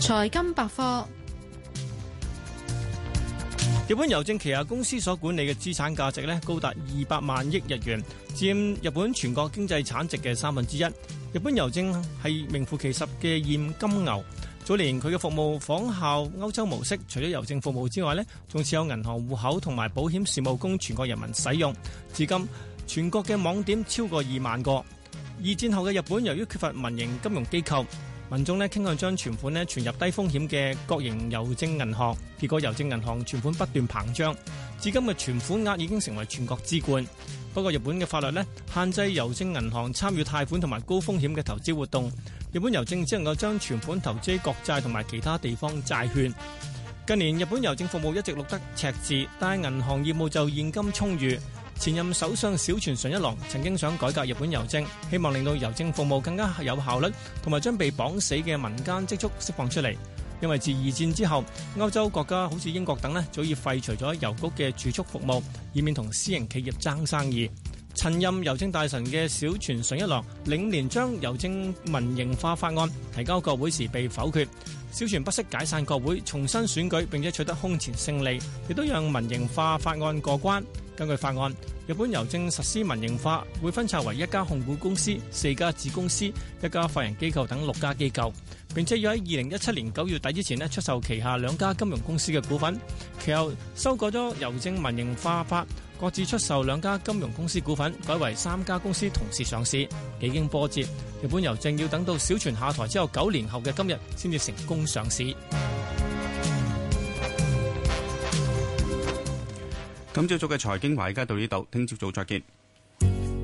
財金百科：日本郵政旗下公司所管理嘅資產價值咧高達二百萬億日元，佔日本全國經濟產值嘅三分之一。日本郵政係名副其實嘅現金牛。早年佢嘅服務仿效歐洲模式，除咗郵政服務之外咧，仲設有銀行戶口同埋保險事務供全國人民使用。至今，全國嘅網點超過二萬個。二戰後嘅日本由於缺乏民營金融機構。民眾傾向將存款咧存入低風險嘅國營郵政銀行，結果郵政銀行存款不斷膨脹，至今嘅存款額已經成為全國之冠。不過，日本嘅法律限制郵政銀行參與貸款同埋高風險嘅投資活動。日本郵政只能夠將存款投資國債同埋其他地方債券。近年日本郵政服務一直錄得赤字，但係銀行業務就現金充裕。前任首相小泉純一郎曾經想改革日本郵政，希望令到郵政服務更加有效率，同埋將被綁死嘅民間積蓄釋放出嚟。因為自二戰之後歐洲國家好似英國等早已廢除咗郵局嘅儲蓄服務，以免同私營企業爭生意。曾任郵政大臣嘅小泉純一郎令年將郵政民營化法案提交國會時被否決，小泉不惜解散國會重新選舉，並且取得空前勝利，亦都讓民營化法案過關。根據法案，日本郵政實施民營化，會分拆為一家控股公司、四家子公司、一家法人機構等六家機構。並且要喺二零一七年九月底之前出售旗下兩家金融公司嘅股份，其後修改咗郵政民營化法，各自出售兩家金融公司股份，改為三家公司同時上市。幾經波折，日本郵政要等到小泉下台之後九年後嘅今日，先至成功上市。今朝早嘅財經快車到呢度，聽朝早再見。